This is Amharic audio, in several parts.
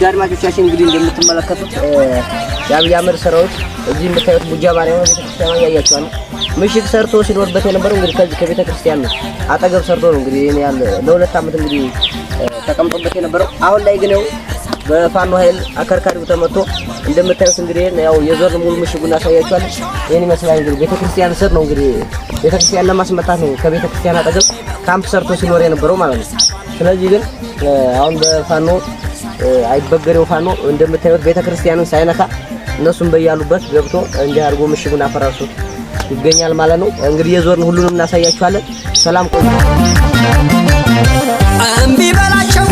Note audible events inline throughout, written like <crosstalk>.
ውድ አድማጮቻችን እንግዲህ እንደምትመለከቱት የአብይ አህመድ ሰራዊት እዚህ የምታዩት ቡጃ ማርያም ቤተክርስቲያን ያያችኋል። ምሽት ሰርቶ ሲኖርበት የነበረው እንግዲህ ከዚህ ከቤተ ክርስቲያን ነው አጠገብ ሰርቶ ነው እንግዲህ ይሄን ያለ ለሁለት ዓመት እንግዲህ ተቀምጦበት የነበረው። አሁን ላይ ግን ያው በፋኖ ኃይል አከርካሪው ተመቶ እንደምታዩት እንግዲህ ያው የዞር ሙሉ ምሽጉን ያሳያችኋል። ይሄን ይመስላል እንግዲህ ቤተ ክርስቲያን ስር ነው እንግዲህ ቤተ ክርስቲያን ለማስመታት ነው ከቤተ ክርስቲያን አጠገብ ካምፕ ሰርቶ ሲኖር የነበረው ማለት ነው። ስለዚህ ግን አሁን በፋኖ አይበገሬው ፋኖ እንደምታዩት ቤተክርስቲያንን ሳይነካ እነሱም በያሉበት ገብቶ እንዲህ አድርጎ ምሽጉን አፈራርሶ ይገኛል ማለት ነው። እንግዲህ የዞርን ሁሉንም እናሳያችኋለን። ሰላም ቆዩ። እምቢ በላቸው።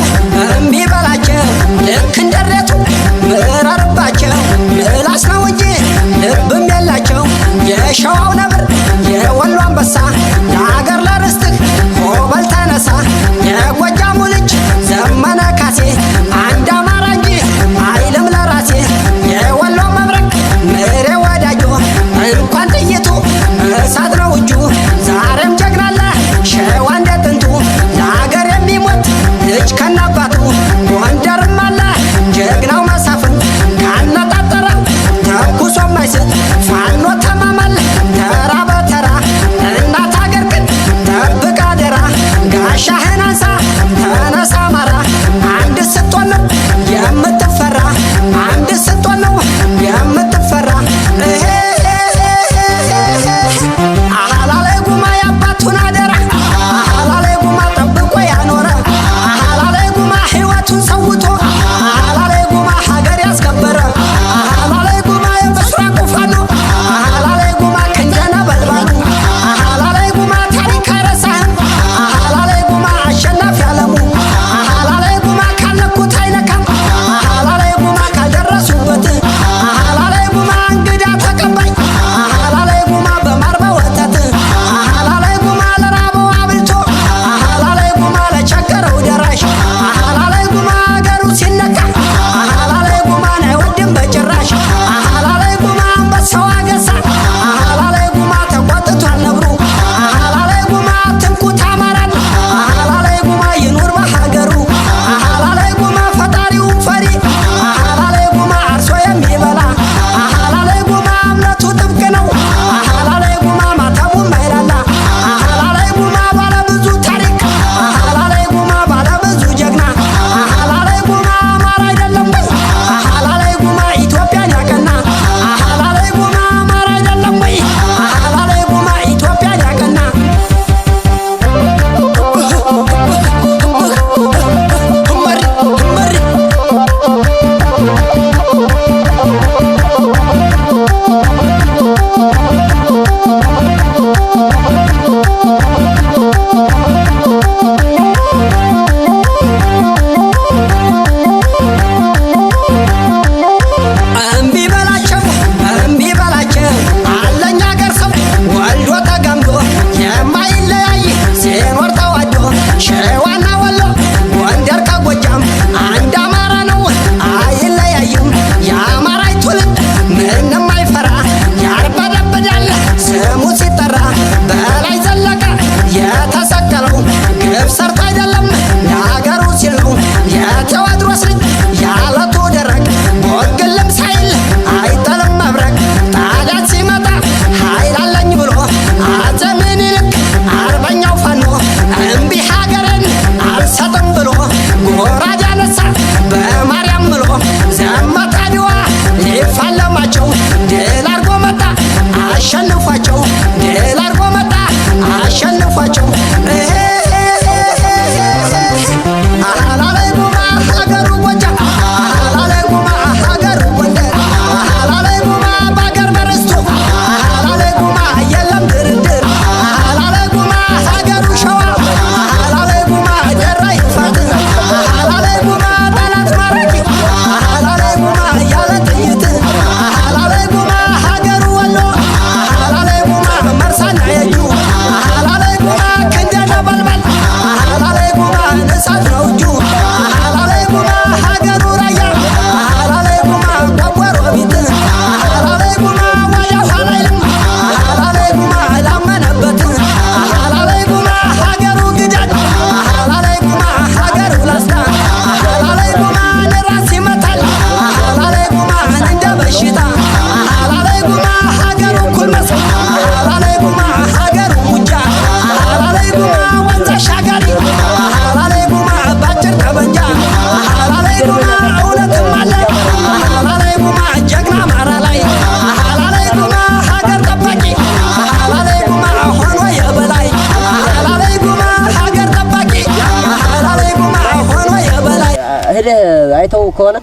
አይተው ከሆነ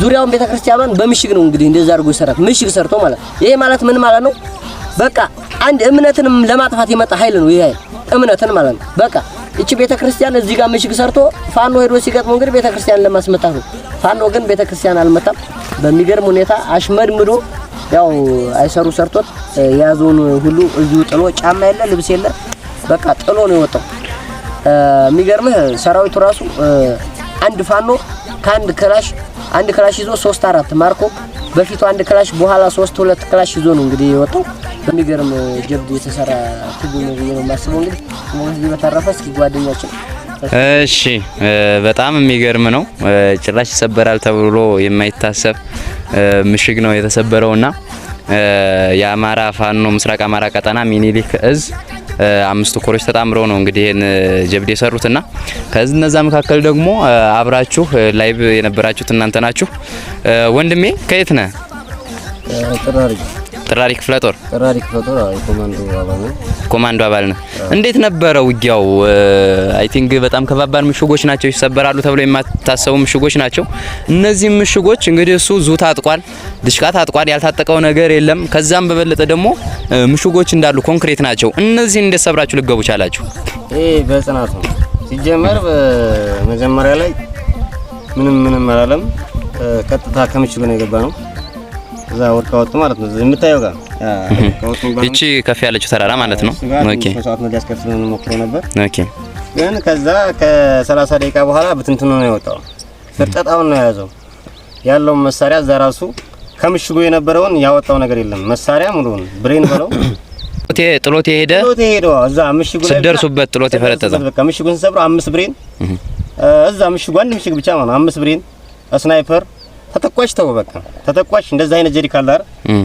ዙሪያውን ቤተክርስቲያኗን በምሽግ ነው እንግዲህ እንደዛ አድርጎ ይሰራል። ምሽግ ሰርቶ ማለት ይሄ ማለት ምን ማለት ነው? በቃ አንድ እምነትን ለማጥፋት የመጣ ኃይል ነው ይሄ እምነትን ማለት ነው። በቃ እቺ ቤተክርስቲያን እዚህ ጋር ምሽግ ሰርቶ ፋኖ ሄዶ ሲገጥሙ እንግዲህ ቤተክርስቲያን ለማስመታት ነው። ፋኖ ግን ቤተክርስቲያን አልመጣም። በሚገርም ሁኔታ አሽመድምዶ ያው አይሰሩ ሰርቶት የያዘውን ሁሉ እዚሁ ጥሎ ጫማ የለ ልብስ የለ በቃ ጥሎ ነው የወጣው። የሚገርምህ ሰራዊቱ ራሱ አንድ ፋኖ ከአንድ ክላሽ አንድ ክላሽ ይዞ ሶስት አራት ማርኮ በፊቱ አንድ ክላሽ በኋላ ሶስት ሁለት ክላሽ ይዞ ነው እንግዲህ የወጣው። በሚገርም ጀብድ የተሰራ ትቡ ነው ብዬ ነው የማስበው። እንግዲህ ከዚህ በተረፈ እስኪ ጓደኛችን እሺ፣ በጣም የሚገርም ነው። ጭራሽ ይሰበራል ተብሎ የማይታሰብ ምሽግ ነው የተሰበረውና የአማራ ፋኖ ምስራቅ አማራ ቀጠና ሚኒሊክ እዝ አምስቱ ኮሮች ተጣምረው ነው እንግዲህ ይህን ጀብድ የሰሩትና ከዚህ እነዛ መካከል ደግሞ አብራችሁ ላይብ የነበራችሁት እናንተ ናችሁ። ወንድሜ ከየት ነህ? ጥራሪ ክፍለ ጦር ጥራሪ ክፍለ ጦር ኮማንዶ አባል ነው። ኮማንዶ አባል ነው። እንዴት ነበረ ውጊያው? አይ ቲንክ በጣም ከባባድ ምሽጎች ናቸው፣ ይሰበራሉ ተብሎ የማታሰቡ ምሽጎች ናቸው። እነዚህ ምሽጎች እንግዲህ እሱ ዙ ታጥቋል፣ ድሽቃ ታጥቋል፣ ያልታጠቀው ነገር የለም። ከዛም በበለጠ ደግሞ ምሽጎች እንዳሉ ኮንክሪት ናቸው። እነዚህ እንዴት ሰብራችሁ ልገቡ ቻላችሁ? ይሄ በጽናት ነው ሲጀመር። በመጀመሪያ ላይ ምንም ምንም አላለም፣ ቀጥታ ከምሽጉ ነው የገባ ነው ከዛ ወርቃ ወጡ ማለት ነው። የምታየው ጋር እቺ ከፍ ያለችው ተራራ ማለት ነው። ኦኬ ሰዓት ነው ሊያስከፍል ነው ሞክሮ ነበር። ኦኬ ግን ከዛ ከ30 ደቂቃ በኋላ ብትንትኑ ነው የወጣው። ፍርጠጣውን ነው የያዘው ያለውን መሳሪያ እዛ ራሱ ከምሽጉ የነበረውን ያወጣው ነገር የለም። መሳሪያ ሙሉውን ብሬን በለው ጥሎት <coughs> ጥሎት የሄደ ጥሎት የሄደ እዛ ምሽጉ ላይ ስደርሱበት ጥሎት የፈረጠጠ በቃ ምሽጉን ሰብሮ አምስት ብሬን እዛ ምሽጉ አንድ ምሽግ ብቻ ማለት አምስት ብሬን ስናይፐር ተተኳሽ ተው በቃ ተተኳሽ እንደዛ አይነት ጀሪካ አለ አይደል?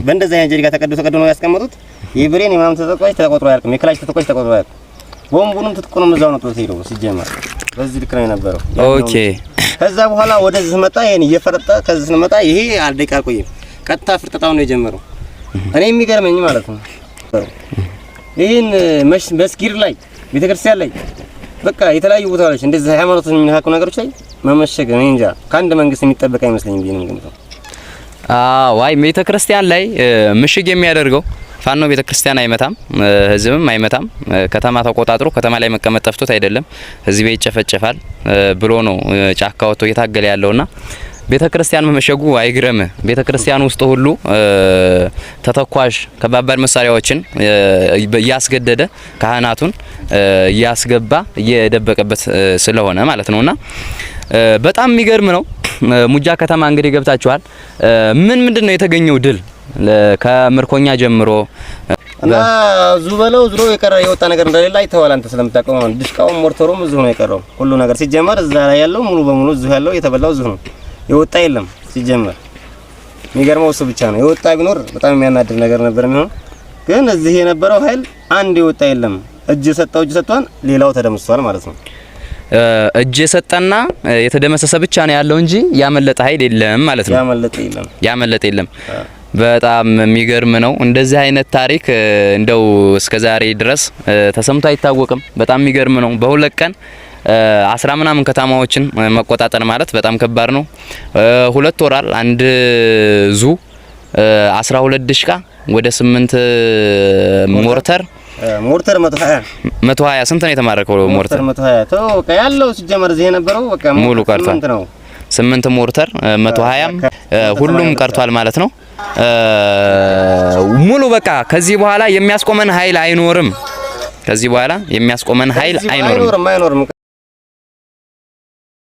በእንደዛ አይነት ጀሪካ ተቀዶ ተቀዶ ነው ያስቀመጡት። የብሬን የማም ተተኳሽ ተቆጥሮ አያልቅም። የክላሽ ተተኳሽ ተቆጥሮ አያልቅም። ቦምቡንም ትጥቁንም እዛው ነው ጥሎት ሄደው ሲጀመር በዚህ ልክ ነው የነበረው። ኦኬ ከዛ በኋላ ወደዚህ መጣ። ይሄን እየፈረጠ ከዚህ ስንመጣ ይሄ አልደቂቃ አልቆየም። ቀጥታ ፍርጠጣው ነው የጀመረው። እኔ የሚገርመኝ ማለት ነው ይሄን መስጊድ ላይ ቤተክርስቲያን ላይ በቃ የተለያዩ ቦታ ላይ እንደዚህ ሃይማኖትን የሚነካኩ ነገሮች ላይ መመሸግ ነው እንጃ ከአንድ መንግስት የሚጠበቅ አይመስለኝም ብዬ ነው የምገምተው። አዎ ቤተ ክርስቲያን ላይ ምሽግ የሚያደርገው ፋኖ ቤተ ክርስቲያን አይመታም፣ ህዝብም አይመታም። ከተማ ተቆጣጥሮ ከተማ ላይ መቀመጥ ጠፍቶት አይደለም ህዝብ ይጨፈጨፋል ብሎ ነው ጫካ ወጥቶ እየታገለ ያለውና ቤተ ክርስቲያን መመሸጉ አይግረም። ቤተ ክርስቲያን ውስጥ ሁሉ ተተኳሽ ከባባድ መሳሪያዎችን እያስገደደ ካህናቱን እያስገባ እየደበቀበት ስለሆነ ማለት ነውና በጣም የሚገርም ነው። ሙጃ ከተማ እንግዲህ ገብታችኋል። ምን ምንድን ነው የተገኘው ድል ከምርኮኛ ጀምሮ እና እዚሁ በለው ዝሮ የቀረ የወጣ ነገር እንደሌለ አይተዋል። አንተ ስለምታውቀው ድሽቃውም ሞርተሩም እዚሁ ነው የቀረው። ሁሉ ነገር ሲጀመር እዛ ላይ ያለው ሙሉ በሙሉ እዚሁ ያለው የተበላው እዚሁ ነው። የወጣ የለም ሲጀመር የሚገርመው እሱ ብቻ ነው። የወጣ ቢኖር በጣም የሚያናድ ነገር ነበር የሚሆን። ግን እዚህ የነበረው ኃይል አንድ የወጣ የለም። እጅ የሰጠው እጅ ሰጥቷል፣ ሌላው ተደምስሷል ማለት ነው። እጅ የሰጠና የተደመሰሰ ብቻ ነው ያለው እንጂ ያመለጠ ኃይል የለም ማለት ነው። ያመለጠ የለም፣ ያመለጠ የለም። በጣም የሚገርም ነው። እንደዚህ አይነት ታሪክ እንደው እስከዛሬ ድረስ ተሰምቶ አይታወቅም። በጣም የሚገርም ነው። በሁለት ቀን አስራ ምናምን ከተማዎችን መቆጣጠር ማለት በጣም ከባድ ነው። ሁለት ወራል አንድ ዙ 12 ድሽቃ ወደ 8 ሞርተር ሞርተር 120 ስንት ነው የተማረከው? ሞርተር 120 ተው በቃ ያለው ሲጀመር እዚህ የነበረው በቃ ሙሉ ቀርቷል። ስምንት ሞርተር 120 ሁሉም ቀርቷል ማለት ነው። ሙሉ በቃ ከዚህ በኋላ የሚያስቆመን ኃይል አይኖርም። ከዚህ በኋላ የሚያስቆመን ኃይል አይኖርም።